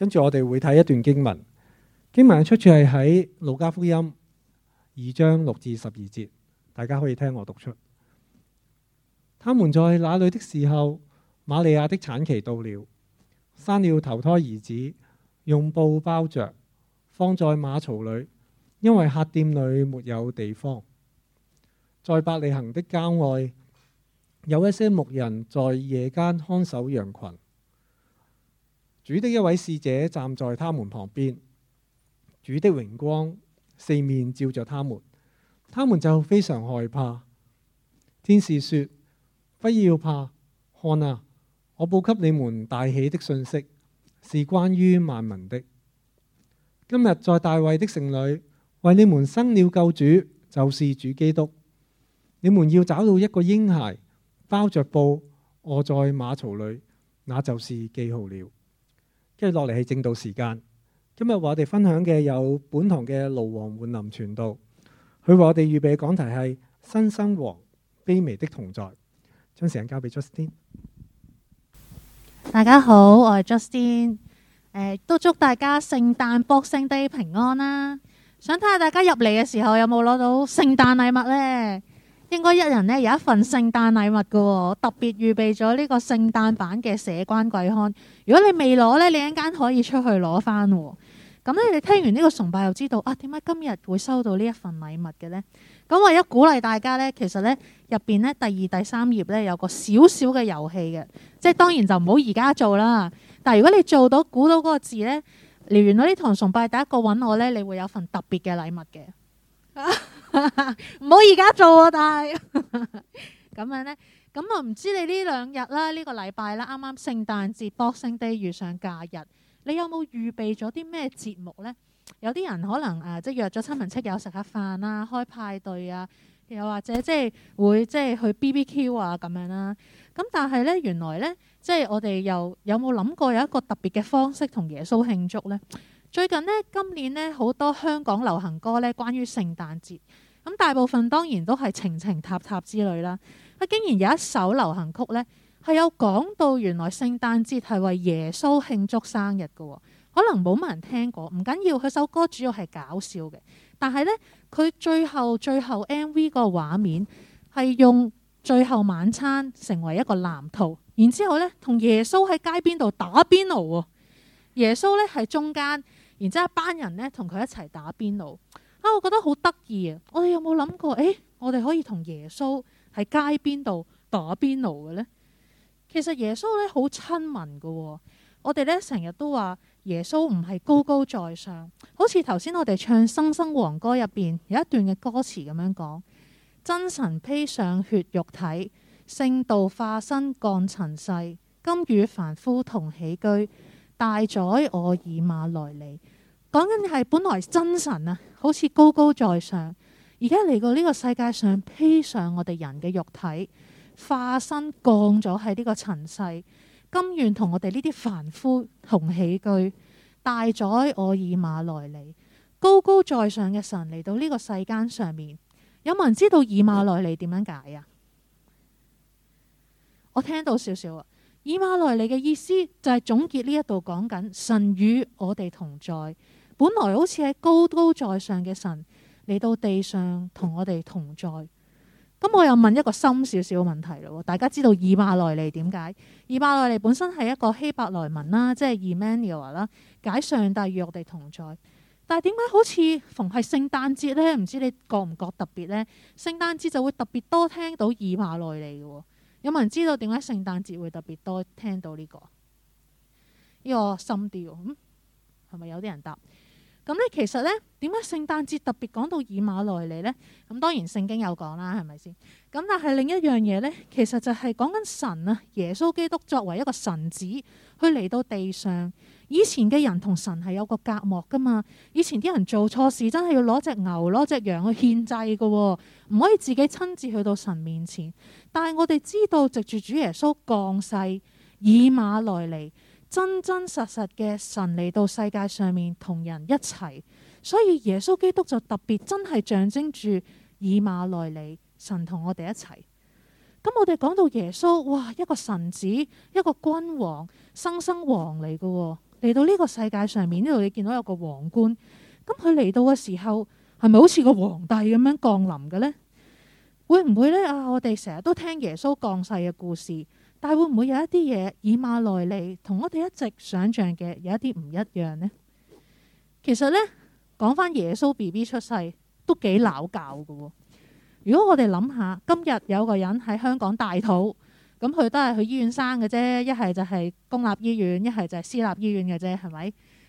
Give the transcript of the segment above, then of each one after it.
跟住我哋會睇一段經文，經文嘅出處係喺《路加福音》二章六至十二節，大家可以聽我讀出。他們在那裏的時候，馬利亞的產期到了，生了頭胎兒子，用布包着，放在馬槽裏，因為客店裏沒有地方。在伯利恆的郊外，有一些牧人在夜間看守羊群。主的一位使者站在他們旁邊，主的榮光四面照着他們，他們就非常害怕。天使說：不要怕，看啊，我報給你們大喜的信息，是關於萬民的。今日在大衛的城裡為你們生了救主，就是主基督。你們要找到一個嬰孩，包着布卧在馬槽裡，那就是記號了。跟住落嚟係正道時間。今日我哋分享嘅有本堂嘅路王換林傳道，佢話我哋預備嘅講題係新生王卑微的同在，將時間交俾 Justin。大家好，我係 Justin。呃，都祝大家聖誕博聖地平安啦！想睇下大家入嚟嘅時候有冇攞到聖誕禮物呢？應該一人咧有一份聖誕禮物嘅，哦，特別預備咗呢個聖誕版嘅社關季刊。如果你未攞呢，你一陣可以出去攞返。咁咧，你聽完呢個崇拜又知道啊，點解今日會收到呢一份禮物嘅呢。咁為咗鼓勵大家呢，其實呢入邊呢第二、第三頁呢有個小小嘅遊戲嘅，即係當然就唔好而家做啦。但係如果你做到估到嗰個字呢，嚟完嗰啲堂崇拜第一個揾我呢，你會有份特別嘅禮物嘅。 唔好而家做啊！但係咁 樣呢，咁啊唔知你呢兩日啦，呢、呢個禮拜啦，啱啱聖誕節，Boxing Day，遇上假日，你有冇預備咗啲咩節目呢？有啲人可能誒、啊，即係約咗親朋戚友食下飯啊，開派對啊，又或者即係會即係去 B B Q 啊咁樣啦，啊。咁但係呢，原來呢，即係我哋又有冇諗過有一個特別嘅方式同耶穌慶祝呢？最近呢，今年呢，好多香港流行歌呢，關於聖誕節，咁、嗯、大部分當然都係情情塔塔之類啦。佢竟然有一首流行曲呢，係有講到原來聖誕節係為耶穌慶祝生日嘅喎。可能冇乜人聽過，唔緊要。佢首歌主要係搞笑嘅。但係呢，佢最後最後 MV 個畫面係用最後晚餐成為一個藍圖，然之後呢，同耶穌喺街邊度打邊爐喎。耶穌呢，係中間。然之後一班人呢，同佢一齊打邊爐啊！我覺得好得意啊！我哋有冇諗過誒？我哋可以同耶穌喺街邊度打邊爐嘅呢？其實耶穌呢，好親民嘅喎，哦，我哋呢，成日都話耶穌唔係高高在上，好似頭先我哋唱《新生王歌》入邊有一段嘅歌詞咁樣講：真神披上血肉體，聖道化身降塵世，甘與凡夫同起居。帶咗我以馬內利，講緊係本來真神啊，好似高高在上，而家嚟到呢個世界上披上我哋人嘅肉體，化身降咗喺呢個塵世，甘願同我哋呢啲凡夫同起居。帶咗我以馬內利，高高在上嘅神嚟到呢個世間上面，有冇人知道以馬內利點樣解啊？我聽到少少啊。以馬內利嘅意思就係總結呢一度講緊神與我哋同在，本來好似係高高在上嘅神嚟到地上同我哋同在。咁我又問一個深少少嘅問題咯，大家知道以馬內利點解？以馬內利本身係一個希伯來文啦，即係 Emmanuel 啦，解上帝與我哋同在。但係點解好似逢係聖誕節咧？唔知你覺唔覺特別咧？聖誕節就會特別多聽到以馬內利嘅。有冇人知道點解聖誕節會特別多聽到呢、呢個呢、呢個心調？係、嗯、咪有啲人答？咁咧其實咧點解聖誕節特別講到以馬內利咧？咁當然聖經有講啦，係咪先？咁但係另一樣嘢咧，其實就係講緊神啊，耶穌基督作為一個神子佢嚟到地上。以前嘅人同神係有個隔膜㗎嘛？以前啲人做錯事真係要攞隻牛攞隻羊去獻祭㗎喎，唔可以自己親自去到神面前。但係我哋知道，藉住主耶穌降世，以馬內利真真實實嘅神嚟到世界上面同人一齊。所以耶穌基督就特別真係象徵住以馬內利神同我哋一齊。咁我哋講到耶穌，哇！一個神子，一個君王，生生王嚟㗎喎。嚟到呢個世界上面呢度，你見到有個皇冠，咁佢嚟到嘅時候，係咪好似個皇帝咁樣降臨嘅呢？會唔會呢？啊，我哋成日都聽耶穌降世嘅故事，但係會唔會有一啲嘢以馬內利同我哋一直想像嘅有一啲唔一樣呢？其實呢，講返耶穌 BB 出世都幾鬧教嘅喎。如果我哋諗下，今日有個人喺香港大肚。咁佢都係去醫院生嘅啫，一係就係公立醫院，一係就係私立醫院嘅啫，係咪？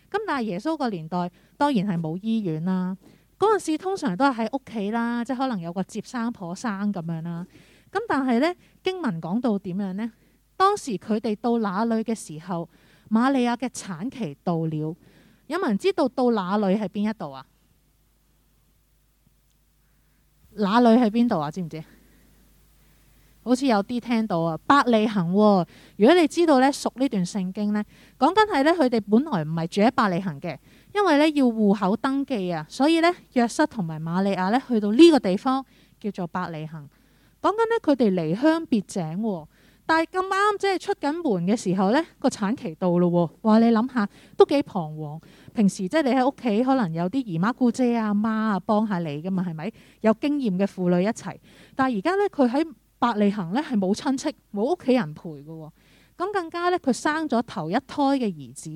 咁但係耶穌個年代當然係冇醫院啦。嗰陣時通常都係喺屋企啦，即係可能有個接生婆生咁樣啦。咁但係呢，經文講到點樣呢？當時佢哋到那裏嘅時候，瑪利亞嘅產期到了。有冇人知道到那裏係邊一度啊？那裏係邊度啊？知唔知？好似有啲聽到啊，伯利恒喎。如果你知道咧，熟呢段聖經咧，講緊係咧，佢哋本來唔係住喺伯利恒嘅，因為咧要戶口登記啊，所以咧約瑟同埋瑪利亞咧去到呢個地方叫做伯利恒。講緊咧，佢哋離鄉別井喎，但係咁啱即係出緊門嘅時候咧，個產期到咯喎。話你諗下，都幾彷徨，徨。平時即係你喺屋企，可能有啲姨媽姑姐阿、啊、媽啊幫下你噶嘛，係咪有經驗嘅婦女一齊？但係而家咧，佢喺白利行呢，係冇親戚冇屋企人陪嘅，咁更加呢，佢生咗頭一胎嘅兒子，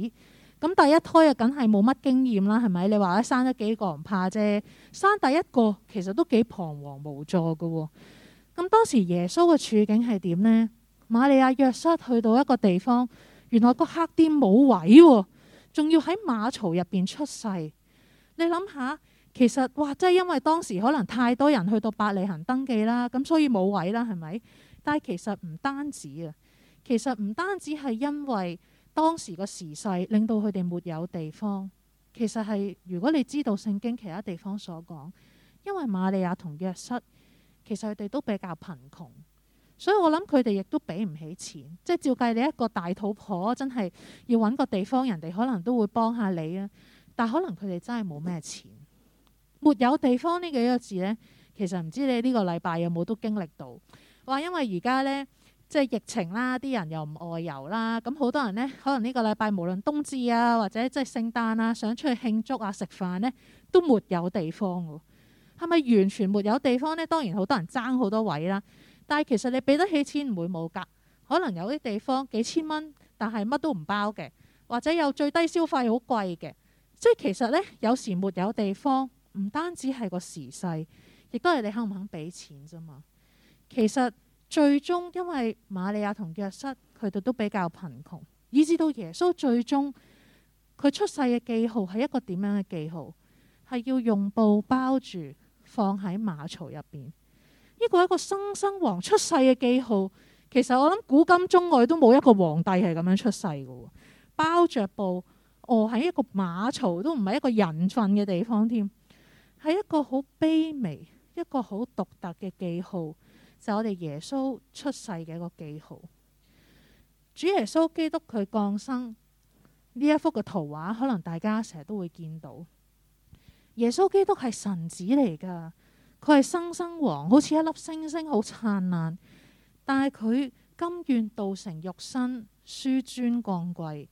咁第一胎啊，梗係冇乜經驗啦，係咪？你話咧生咗幾個唔怕啫，生第一個其實都幾彷徨無助嘅。咁當時耶穌嘅處境係點呢？瑪利亞約瑟去到一個地方，原來個客店冇位，仲要喺馬槽入邊出世。你諗下。其實哇，即係因為當時可能太多人去到伯利恆登記啦，咁所以冇位啦，係咪？但係其實唔單止啊，其實唔單止係因為當時個時勢令到佢哋沒有地方。其實係如果你知道聖經其他地方所講，因為瑪利亞同約瑟其實佢哋都比較貧窮，所以我諗佢哋亦都俾唔起錢。即係照計，你一個大肚婆真係要揾個地方，人哋可能都會幫下你啊。但係可能佢哋真係冇咩錢。沒有地方呢幾個字呢，其實唔知你呢個禮拜有冇都經歷到話，因為而家呢，即係疫情啦，啲人又唔外遊啦，咁好多人呢，可能呢個禮拜無論冬至啊或者即係聖誕啊，想出去慶祝啊食飯呢，都沒有地方喎。係咪完全沒有地方呢？當然好多人爭好多位啦，但係其實你俾得起錢唔會冇㗎。可能有啲地方幾千蚊，但係乜都唔包嘅，或者有最低消費好貴嘅，即係其實呢，有時沒有地方。唔單止係個時勢，亦都係你肯唔肯俾錢啫嘛。其實最終，因為瑪利亞同約瑟佢哋都比較貧窮，以至到耶穌最終佢出世嘅記號係一個點樣嘅記號？係要用布包住，放喺馬槽入邊。呢、這個係一個新生王出世嘅記號，其實我諗古今中外都冇一個皇帝係咁樣出世嘅喎，包着布，餓、哦、喺一個馬槽，都唔係一個人瞓嘅地方添。係一個好卑微、一個好獨特嘅記號，就係我哋耶穌出世嘅一個記號。主耶穌基督佢降生呢一幅嘅圖畫，可能大家成日都會見到。耶穌基督係神子嚟噶，佢係生生王，好似一粒星星好燦爛。但係佢甘願道成肉身，紆尊降貴，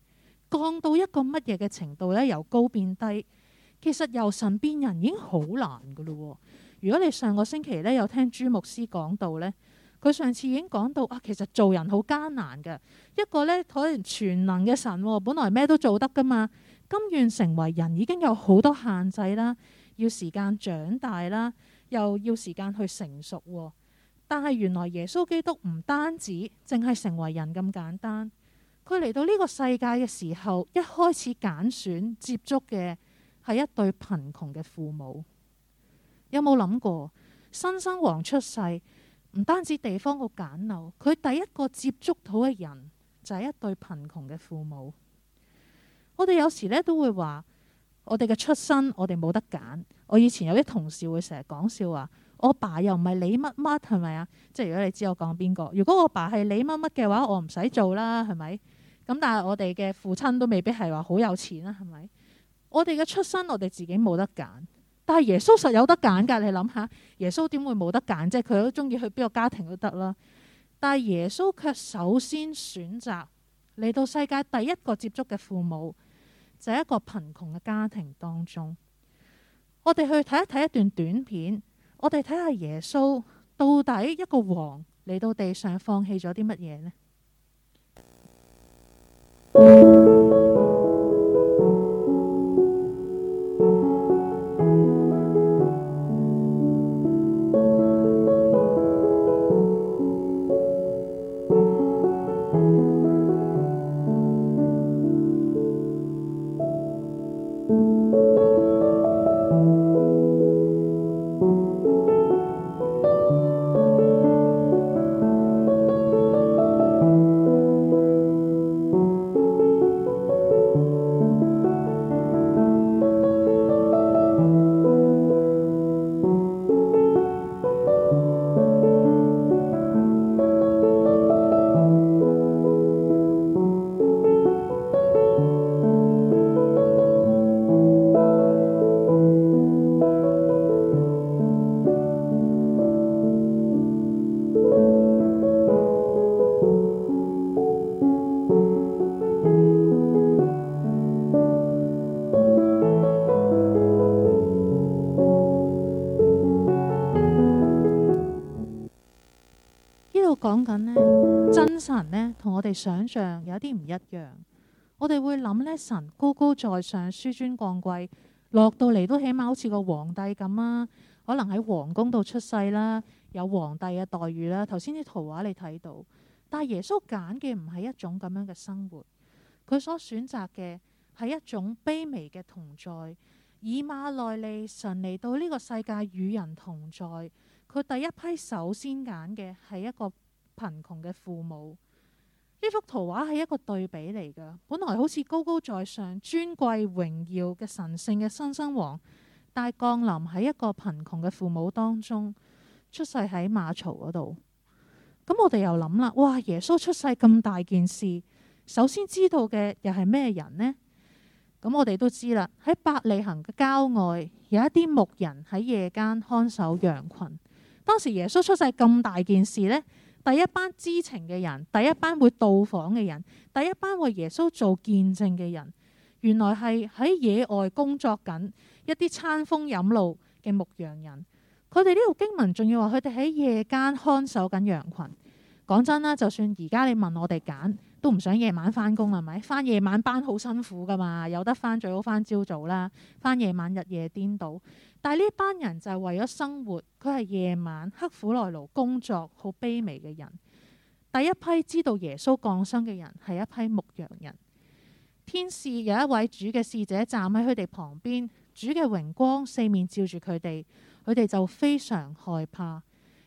降到一個乜嘢嘅程度呢？由高變低。其實由神變人已經好難噶啦。如果你上個星期呢有聽朱牧師講到呢，佢上次已經講到啊，其實做人好艱難嘅一個呢，可能全能嘅神，哦，本來咩都做得噶嘛，甘願成為人已經有好多限制啦，要時間長大啦，又要時間去成熟，哦。但係原來耶穌基督唔單止淨係成為人咁簡單，佢嚟到呢個世界嘅時候，一開始揀選接觸嘅，係一對貧窮嘅父母。有冇諗過新生王出世，唔單止地方好簡陋，佢第一個接觸到嘅人就係、是、一對貧窮嘅父母。我哋有時呢都會話，我哋嘅出身我哋冇得揀。我以前有啲同事會成日講笑話，我爸又唔係你乜乜係咪啊？即係如果你知我講邊個，如果我爸係你乜乜嘅話，我唔使做啦，係咪？咁但係我哋嘅父親都未必係話好有錢啊，係咪？我哋嘅出身，我哋自己冇得揀，但係耶穌實有得揀噶。你諗下，耶穌點會冇得揀啫？佢都中意去邊個家庭都得啦。但係耶穌卻首先選擇嚟到世界第一個接觸嘅父母，就係一個貧窮嘅家庭當中。我哋去睇一睇一段短片，我哋睇下耶穌到底一個王嚟到地上放棄咗啲乜嘢呢？ 想象有啲唔一樣，我哋會諗呢，神高高在上，屈尊降貴，落到嚟都起碼好似個皇帝咁啊。可能喺皇宮度出世啦，有皇帝嘅待遇啦。頭先啲圖畫你睇到，但係耶穌揀嘅唔係一種咁樣嘅生活，佢所選擇嘅係一種卑微嘅同在。以馬內利，神嚟到呢個世界與人同在，佢第一批首先揀嘅係一個貧窮嘅父母。呢幅圖畫係一個對比嚟噶，本來好似高高在上，尊貴榮耀嘅神聖嘅新生王，但降臨喺一個貧窮嘅父母當中，出世喺馬槽嗰度。咁我哋又諗啦，哇！耶穌出世咁大件事，首先知道嘅又係咩人呢？咁我哋都知啦，喺伯利恆嘅郊外有一啲牧人喺夜間看守羊群。當時耶穌出世咁大件事呢？第一班知情嘅人，第一班會到訪嘅人，第一班為耶穌做見證嘅人，原來係喺野外工作緊一啲餐風飲露嘅牧羊人。佢哋呢度經文仲要話佢哋喺夜間看守緊羊群。講真啦，就算而家你問我哋揀，都唔想夜晚返工，係咪返夜晚班好辛苦噶嘛？有得返最好返朝早啦，返夜晚日夜顛倒。但係呢班人就係為咗生活，佢係夜晚刻苦耐勞工作，好卑微嘅人。第一批知道耶穌降生嘅人係一批牧羊人。天使，有一位主嘅使者站喺佢哋旁邊，主嘅榮光四面照住佢哋，佢哋就非常害怕。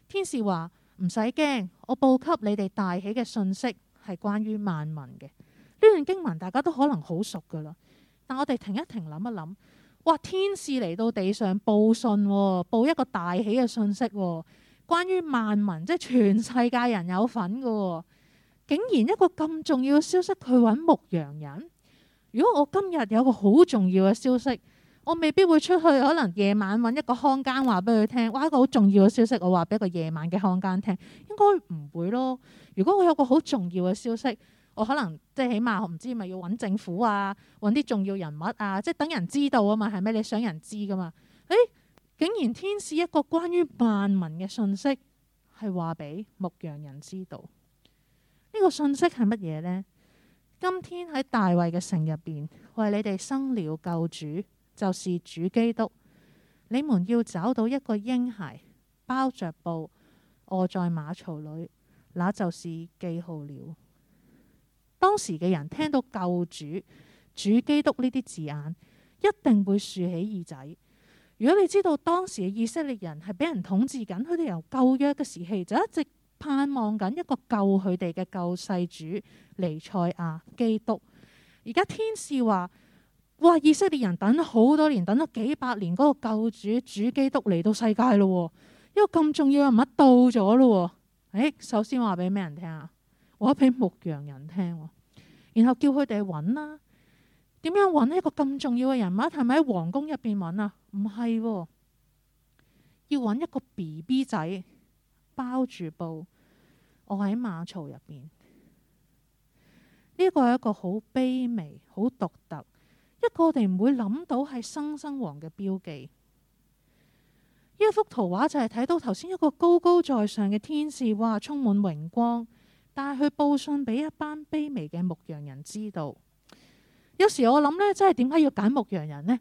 天使話唔使驚，我報給你哋大喜嘅信息。係關於萬民嘅。呢段經文，大家都可能好熟噶啦。但我哋停一停，諗一諗，哇！天使嚟到地上報信，哦，報一個大喜嘅信息，哦，關於萬民，即係全世界人有份噶、哦。竟然一個咁重要嘅消息去揾牧羊人？如果我今日有個好重要嘅消息。我未必會出去，可能夜晚揾一個看更話俾佢聽。哇，一個好重要嘅消息，我話俾一個夜晚嘅看更聽，應該唔會咯。如果我有一個好重要嘅消息，我可能即係起碼唔知咪要揾政府啊，揾啲重要人物啊，即係等人知道啊嘛。係咪你想人知噶嘛？誒、哎，竟然天使一個關於萬民嘅信息係話俾牧羊人知道呢，這個信息係乜嘢呢？今天喺大衛嘅城入邊為你哋生了救主。就是主基督，你們要找到一個嬰孩包着布臥在馬槽裏，那就是記號了。當時嘅人聽到救主、主基督呢啲字眼，一定會豎起耳仔。如果你知道當時嘅以色列人係俾人統治緊，佢哋由舊約嘅時期就一直盼望緊一個救佢哋嘅救世主彌賽亞基督，而家天使話。哇！以色列人等咗好多年，等咗幾百年，嗰個救主主基督嚟到世界咯。一個咁重要嘅人物到咗咯。誒、欸，首先話俾咩人聽啊？話俾牧羊人聽，啊，然後叫佢哋搵啦。點樣搵一個咁重要嘅人物？係咪喺皇宮入邊搵啊？唔係，要搵一個 BB 仔包住布，我喺馬槽入邊。呢、這個係一個好卑微、好獨特。一個我哋唔會諗到係新生王嘅標記，一、呢、幅圖畫就係睇到頭先一個高高在上嘅天使，哇，充滿榮光，但係佢報信俾一班卑微嘅牧羊人知道。有時我諗呢，真係點解要揀牧羊人呢？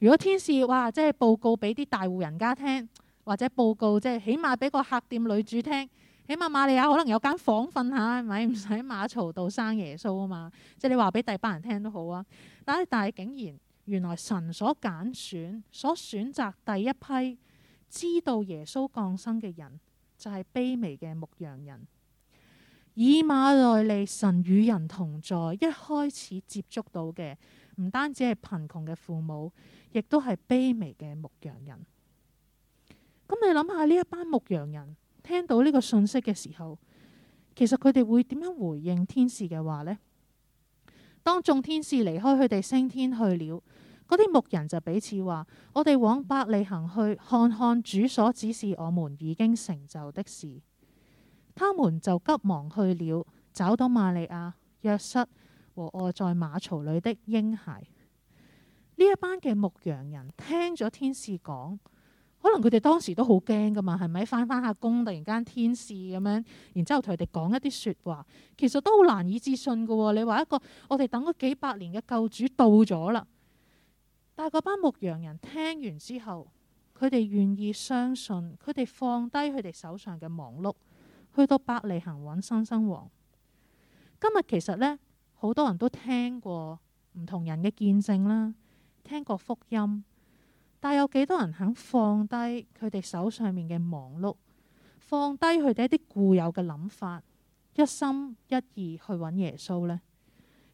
如果天使哇，即係報告俾啲大戶人家聽，或者報告即係起碼俾個客店女主聽，起碼瑪利亞可能有間房瞓下，係咪唔使馬槽到生耶穌啊嘛？即係你話俾第班人聽都好啊。但係，但係竟然，原來神所揀選、所選擇第一批知道耶穌降生嘅人，就係卑微嘅牧羊人。以馬內利，神與人同在。一開始接觸到嘅，唔單止係貧窮嘅父母，亦都係卑微嘅牧羊人。咁你諗下，呢一班牧羊人聽到呢個信息嘅時候，其實佢哋會點樣回應天使嘅話呢？當眾天使離開佢哋升天去了，嗰啲牧人就彼此話：我哋往百里行去，看看主所指示我們已經成就的事。他們就急忙去了，找到瑪利亞、約瑟和卧在馬槽裡的嬰孩。呢一班嘅牧羊人聽咗天使講。可能佢哋當時都好驚㗎嘛，係咪返返下工突然間天使咁樣，然之後同佢哋講一啲説話，其實都好難以置信㗎喎。你話一個我哋等咗幾百年嘅救主到咗啦，但係嗰班牧羊人聽完之後，佢哋願意相信，佢哋放低佢哋手上嘅忙碌，去到伯利恆揾新生王。今日其實呢，好多人都聽過唔同人嘅見證啦，聽過福音。但係有幾多人肯放低佢哋手上面嘅忙碌，放低佢哋一啲固有嘅諗法，一心一意去揾耶穌呢？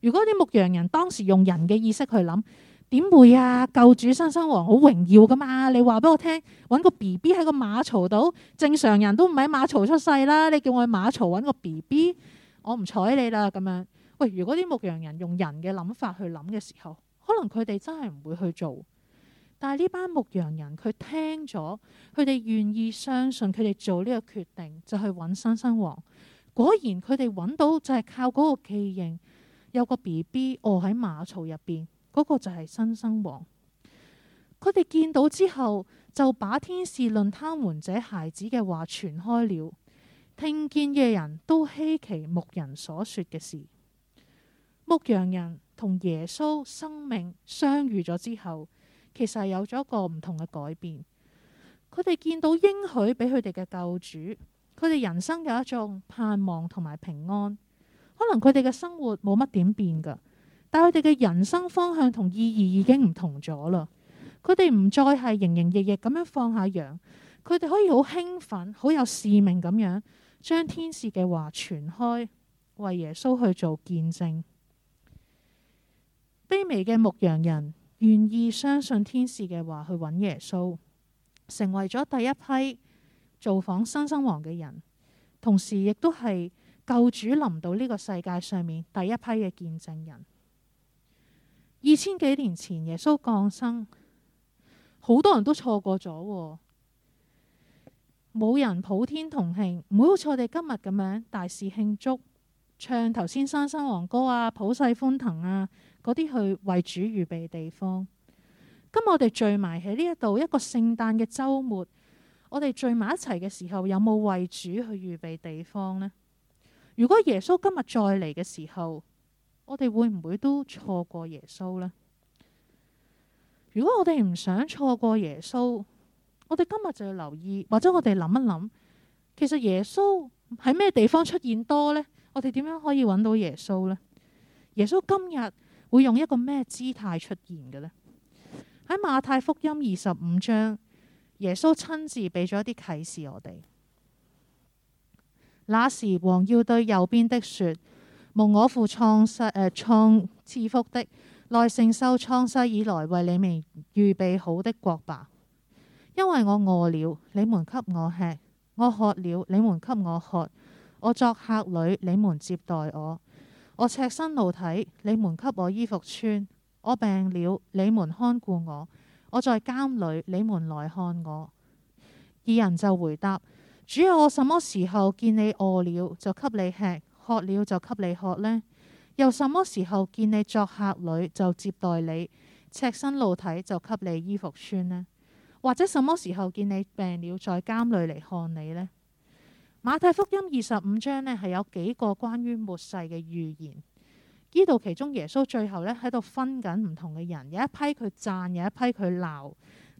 如果啲牧羊人當時用人嘅意識去諗，點會啊？救主新生王好榮耀噶嘛？你話俾我聽，揾個 BB 喺個馬槽度，正常人都唔喺馬槽出世啦。你叫我喺馬槽揾個 BB，我唔睬你啦。咁樣喂，如果啲牧羊人用人嘅諗法去諗嘅時候，可能佢哋真係唔會去做。但係呢班牧羊人，佢聽咗，佢哋願意相信，佢哋做呢個決定就去搵新生王。果然佢哋搵到就係靠嗰個記認，有個 B B 臥喺馬槽入邊，嗰個就係新生王。佢哋見到之後，就把天使論他們這孩子嘅話傳開了。聽見嘅人都稀奇牧人所說嘅事。牧羊人同耶穌生命相遇咗之後。其實係有咗一個唔同嘅改變，佢哋見到應許俾佢哋嘅救主，佢哋人生有一種盼望同埋平安。可能佢哋嘅生活冇乜點變噶，但係佢哋嘅人生方向同意義已經唔同咗啦。佢哋唔再係營營役役咁樣放下羊，佢哋可以好興奮、好有使命咁樣將天使嘅話傳開，為耶穌去做見證。卑微嘅牧羊人。願意相信天使嘅話去揾耶穌，成為咗第一批造訪新生王嘅人，同時亦都係救主臨到呢個世界上面第一批嘅見證人。二千幾年前耶穌降生，好多人都錯過咗，喎。冇人普天同慶，唔會好似我哋今日咁樣大肆慶祝。唱頭先《新生王歌》啊，《普世歡騰》啊，嗰啲去為主預備地方。今日我哋聚埋喺呢一度一個聖誕嘅周末，我哋聚埋一齊嘅時候，有冇為主去預備地方呢？如果耶穌今日再嚟嘅時候，我哋會唔會都錯過耶穌呢？如果我哋唔想錯過耶穌，我哋今日就要留意，或者我哋諗一諗，其實耶穌喺咩地方出現多呢？我哋點樣可以揾到耶穌呢？耶穌今日會用一個咩姿態出現嘅呢？喺馬太福音二十五章，耶穌親自俾咗一啲啟示我哋。那時王要對右邊的說：蒙我父創世誒、呃、創賜福的，來承受創世以來為你們預備好的國吧。因為我餓了，你們給我吃；我渴了，你們給我喝。我作客旅，你們接待我；我赤身露體，你們給我衣服穿；我病了，你們看顧我；我在監裏，你們來看我。二人就回答：主要我什麼時候見你餓了就給你吃，渴了就給你喝呢？又什麼時候見你作客旅就接待你，赤身露體就給你衣服穿呢？或者什麼時候見你病了，在監裏嚟看你呢？馬太福音二十五章咧，係有幾個關於末世嘅預言。呢度其中耶穌最後咧，喺度分緊唔同嘅人，有一批佢讚，有一批佢鬧。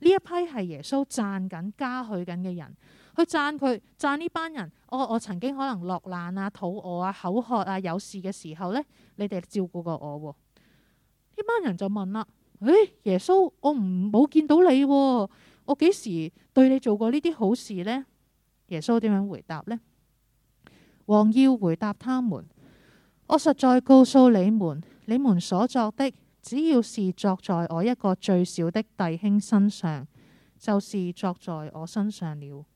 呢一批係耶穌讚緊、嘉許緊嘅人，去讚佢讚呢班人。我我曾經可能落難啊、肚餓啊、口渴啊、有事嘅時候呢，你哋照顧過我。呢班人就問啦：誒、哎，耶穌，我唔冇見到你、啊，我幾時對你做過呢啲好事呢？耶穌點樣回答呢？王要回答他們：我實在告訴你們，你們所作的，只要是作在我一個最小的弟兄身上，就是作在我身上了。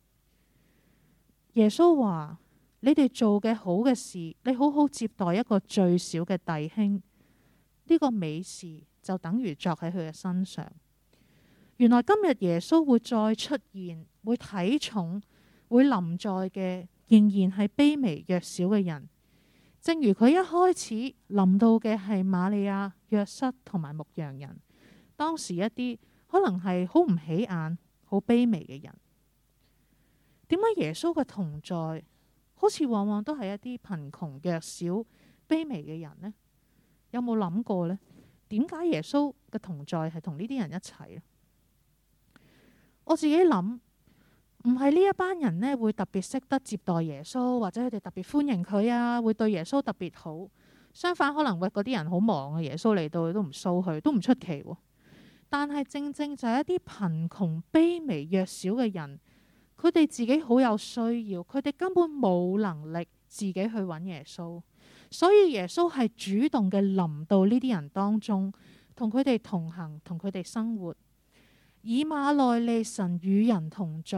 耶穌話：你哋做嘅好嘅事，你好好接待一個最小嘅弟兄，呢、這個美事就等於作喺佢嘅身上。原來今日耶穌會再出現，會睇重。會臨在嘅仍然係卑微弱小嘅人，正如佢一開始臨到嘅係瑪利亞、約瑟同埋牧羊人，當時一啲可能係好唔起眼、好卑微嘅人。點解耶穌嘅同在好似往往都係一啲貧窮弱小、卑微嘅人呢？有冇諗過呢？點解耶穌嘅同在係同呢啲人一齊呢？我自己諗。唔係呢一班人呢會特別識得接待耶穌，或者佢哋特別歡迎佢啊，會對耶穌特別好。相反，可能為嗰啲人好忙啊，耶穌嚟到都唔掃佢，都唔出奇。但係正正就係一啲貧窮、卑微、弱小嘅人，佢哋自己好有需要，佢哋根本冇能力自己去揾耶穌，所以耶穌係主動嘅臨到呢啲人當中，同佢哋同行，同佢哋生活。以馬內利，神與人同在，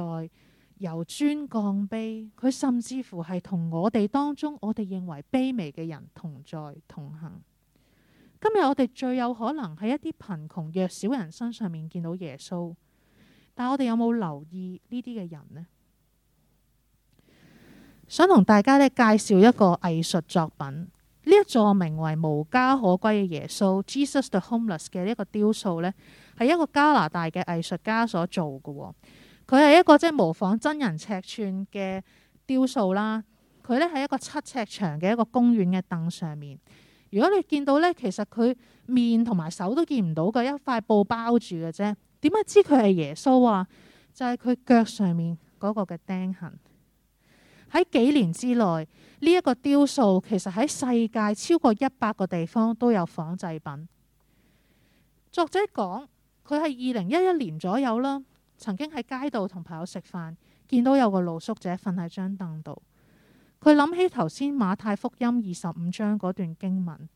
由尊降卑，佢甚至乎係同我哋當中，我哋認為卑微嘅人同在同行。今日我哋最有可能喺一啲貧窮弱小人身上面見到耶穌，但我哋有冇留意呢啲嘅人呢？想同大家呢介紹一個藝術作品，呢一座名為《無家可歸嘅耶穌》（Jesus the Homeless） 嘅呢一個雕塑呢。係一個加拿大嘅藝術家所做㗎喎、哦。佢係一個即係模仿真人尺寸嘅雕塑啦。佢呢係一個七尺長嘅一個公園嘅凳上面。如果你見到呢，其實佢面同埋手都見唔到嘅，一塊布包住嘅啫。點解知佢係耶穌啊？就係、是、佢腳上面嗰個嘅釘痕。喺幾年之內，呢、這、一個雕塑其實喺世界超過一百個地方都有仿製品。作者講。佢係二零一一年左右啦，曾經喺街度同朋友食飯，見到有個露宿者瞓喺張凳度。佢諗起頭先馬太福音二十五章嗰段經文，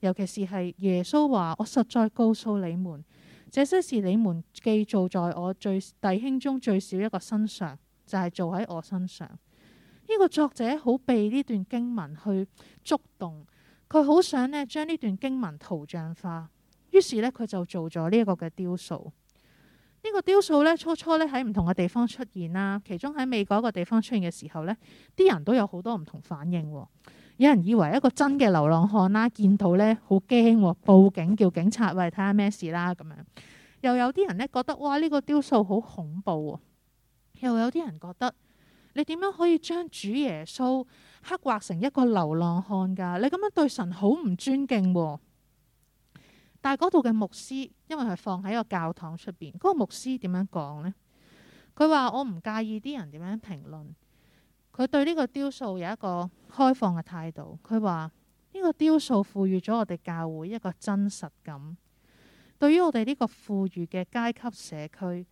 尤其是係耶穌話：我實在告訴你們，這些事你們既做在我最弟兄中最小一個身上，就係、是、做喺我身上。呢、這個作者好被呢段經文去觸動，佢好想咧將呢段經文圖像化。於是呢，佢就做咗呢一個嘅雕塑。呢、這個雕塑呢，初初呢喺唔同嘅地方出現啦。其中喺美國一個地方出現嘅時候呢，啲人都有好多唔同反應。有人以為一個真嘅流浪漢啦、啊，見到呢好驚、啊，報警叫警察喂睇下咩事啦、啊、咁樣。又有啲人呢覺得哇，呢、這個雕塑好恐怖、啊。又有啲人覺得你點樣可以將主耶穌刻畫成一個流浪漢㗎？你咁樣對神好唔尊敬喎、啊？但係嗰度嘅牧師，因為佢放喺個教堂出邊，嗰個牧師點樣講咧？佢話我唔介意啲人點樣評論。佢對呢個雕塑有一個開放嘅態度。佢話呢個雕塑賦予咗我哋教會一個真實感。對於我哋呢個富裕嘅階級社區，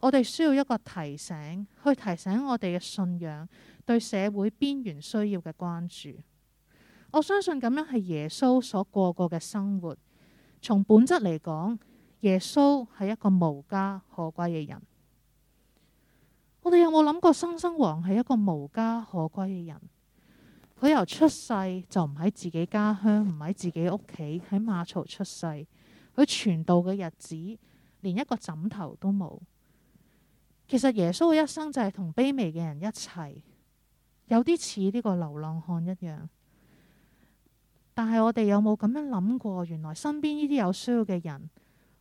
我哋需要一個提醒，去提醒我哋嘅信仰對社會邊緣需要嘅關注。我相信咁樣係耶穌所過過嘅生活。從本質嚟講，耶穌係一個無家可歸嘅人。我哋有冇諗過，新生王係一個無家可歸嘅人？佢由出世就唔喺自己家鄉，唔喺自己屋企，喺馬槽出世。佢傳道嘅日子，連一個枕頭都冇。其實耶穌嘅一生就係同卑微嘅人一齊，有啲似呢個流浪漢一樣。但係我哋有冇咁樣諗過？原來身邊呢啲有需要嘅人，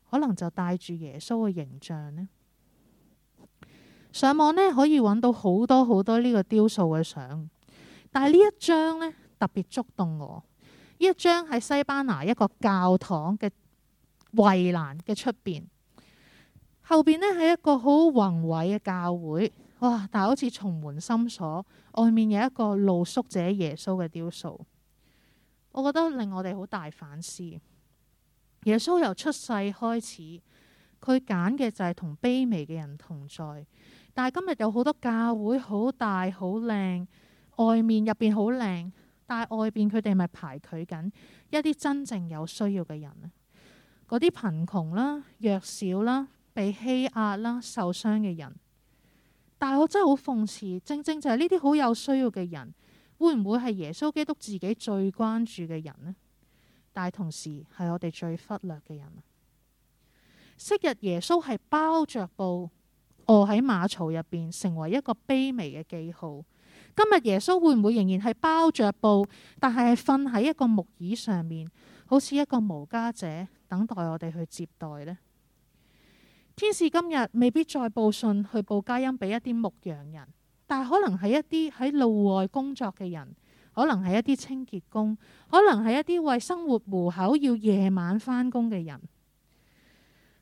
可能就帶住耶穌嘅形象呢。上網呢可以揾到好多好多呢個雕塑嘅相，但係呢一張呢，特別觸動我。呢一張係西班牙一個教堂嘅圍欄嘅出邊，後邊呢係一個好宏偉嘅教會。哇！但係好似重門深鎖，外面有一個露宿者耶穌嘅雕塑。我覺得令我哋好大反思。耶穌由出世開始，佢揀嘅就係同卑微嘅人同在。但係今日有好多教會好大好靚，外面入面好靚，但係外邊佢哋咪排拒緊一啲真正有需要嘅人咧？嗰啲貧窮啦、弱小啦、被欺壓啦、受傷嘅人，但係我真係好諷刺，正正就係呢啲好有需要嘅人。會唔會係耶穌基督自己最關注嘅人呢？但係同時係我哋最忽略嘅人。昔日耶穌係包着布卧喺馬槽入邊，成為一個卑微嘅記號。今日耶穌會唔會仍然係包着布，但係瞓喺一個木椅上面，好似一個無家者，等待我哋去接待呢？天使今日未必再報信去報佳音俾一啲牧羊人。但係可能係一啲喺路外工作嘅人，可能係一啲清潔工，可能係一啲為生活糊口要夜晚翻工嘅人。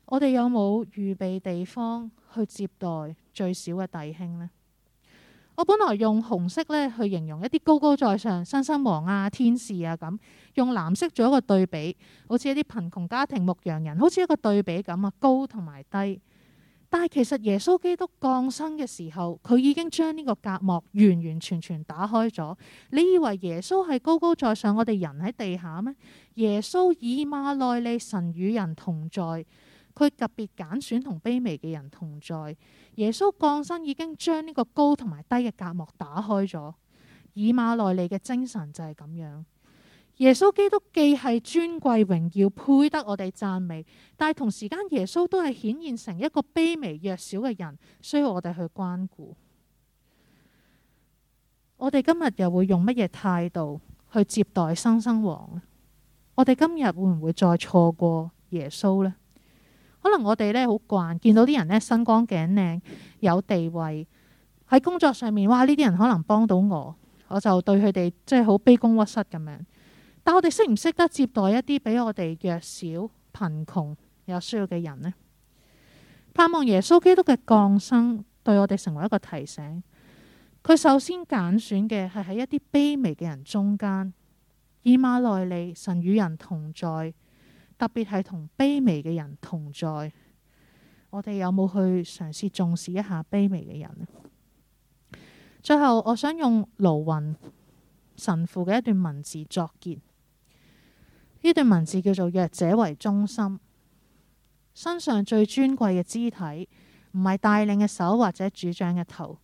我哋有冇預備地方去接待最少嘅弟兄呢？我本來用紅色咧去形容一啲高高在上、身身王啊、天使啊咁，用藍色做一個對比，好似一啲貧窮家庭牧羊人，好似一個對比咁啊，高同埋低。但係其實耶穌基督降生嘅時候，佢已經將呢個隔幕完完全全打開咗。你以為耶穌係高高在上，我哋人喺地下咩？耶穌以馬內利，神與人同在，佢特別揀選同卑微嘅人同在。耶穌降生已經將呢個高同埋低嘅隔幕打開咗。以馬內利嘅精神就係咁樣。耶穌基督既係尊貴榮耀，配得我哋讚美，但係同時間耶穌都係顯現成一個卑微弱小嘅人，需要我哋去關顧。我哋今日又會用乜嘢態度去接待新生王呢？我哋今日會唔會再錯過耶穌呢？可能我哋呢好慣見到啲人呢，身光頸靚，有地位喺工作上面，哇！呢啲人可能幫到我，我就對佢哋即係好卑躬屈膝咁樣。但我哋識唔識得接待一啲比我哋弱小、貧窮有需要嘅人呢？盼望耶穌基督嘅降生對我哋成為一個提醒。佢首先揀選嘅係喺一啲卑微嘅人中間。以馬內利，神與人同在，特別係同卑微嘅人同在。我哋有冇去嘗試重視一下卑微嘅人呢？最後，我想用盧雲神父嘅一段文字作結。呢段文字叫做弱者為中心，身上最尊貴嘅肢體唔係帶領嘅手或者主將嘅頭，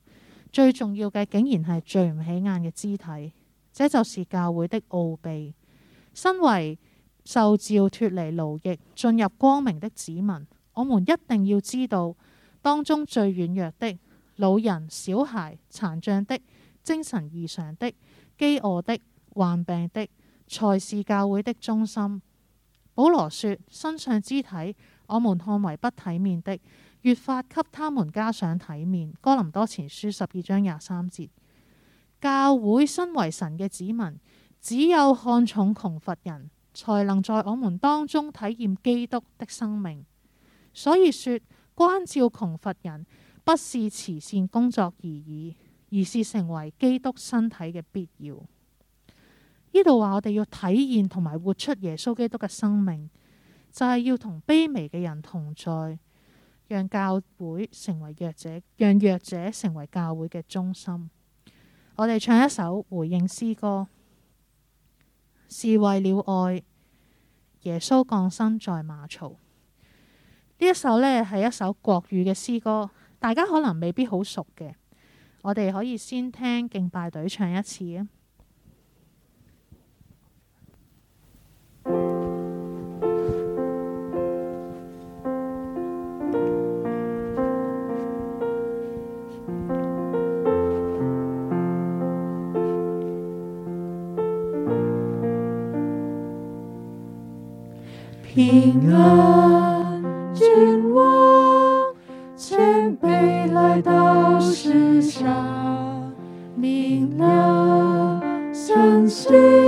最重要嘅竟然係最唔起眼嘅肢體，這就是教會的奧祕。身為受召脫離奴役、進入光明的子民，我們一定要知道當中最軟弱的老人、小孩、殘障的、精神異常的、飢餓的、患病的。才是教會的中心。保羅說：身上肢體我們看為不體面的，越發給他們加上體面。哥林多前書十二章廿三節。教會身為神嘅子民，只有看重窮乏人，才能在我們當中體驗基督的生命。所以說，關照窮乏人不是慈善工作而已，而是成為基督身體嘅必要。呢度話我哋要體驗同埋活出耶穌基督嘅生命，就係、是、要同卑微嘅人同在，讓教會成為弱者，讓弱者成為教會嘅中心。我哋唱一首回應詩歌，是為了愛耶穌降生在馬槽。呢一首呢係一首國語嘅詩歌，大家可能未必好熟嘅。我哋可以先聽敬拜隊唱一次啊。平安君王，前輩來到世上，明亮三歲。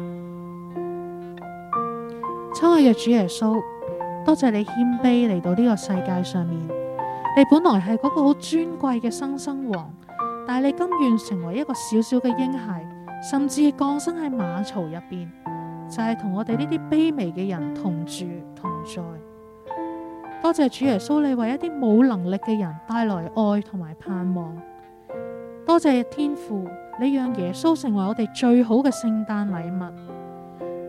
親愛嘅主耶穌，多謝你謙卑嚟到呢個世界上面。你本來係嗰個好尊貴嘅新生、生王，但你甘願成為一個小小嘅嬰孩，甚至降生喺馬槽入邊，就係、是、同我哋呢啲卑微嘅人同住同在。多謝主耶穌，你為一啲冇能力嘅人帶來愛同埋盼望。多謝天父，你讓耶穌成為我哋最好嘅聖誕禮物。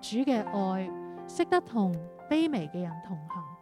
主嘅愛，識得同卑微嘅人同行。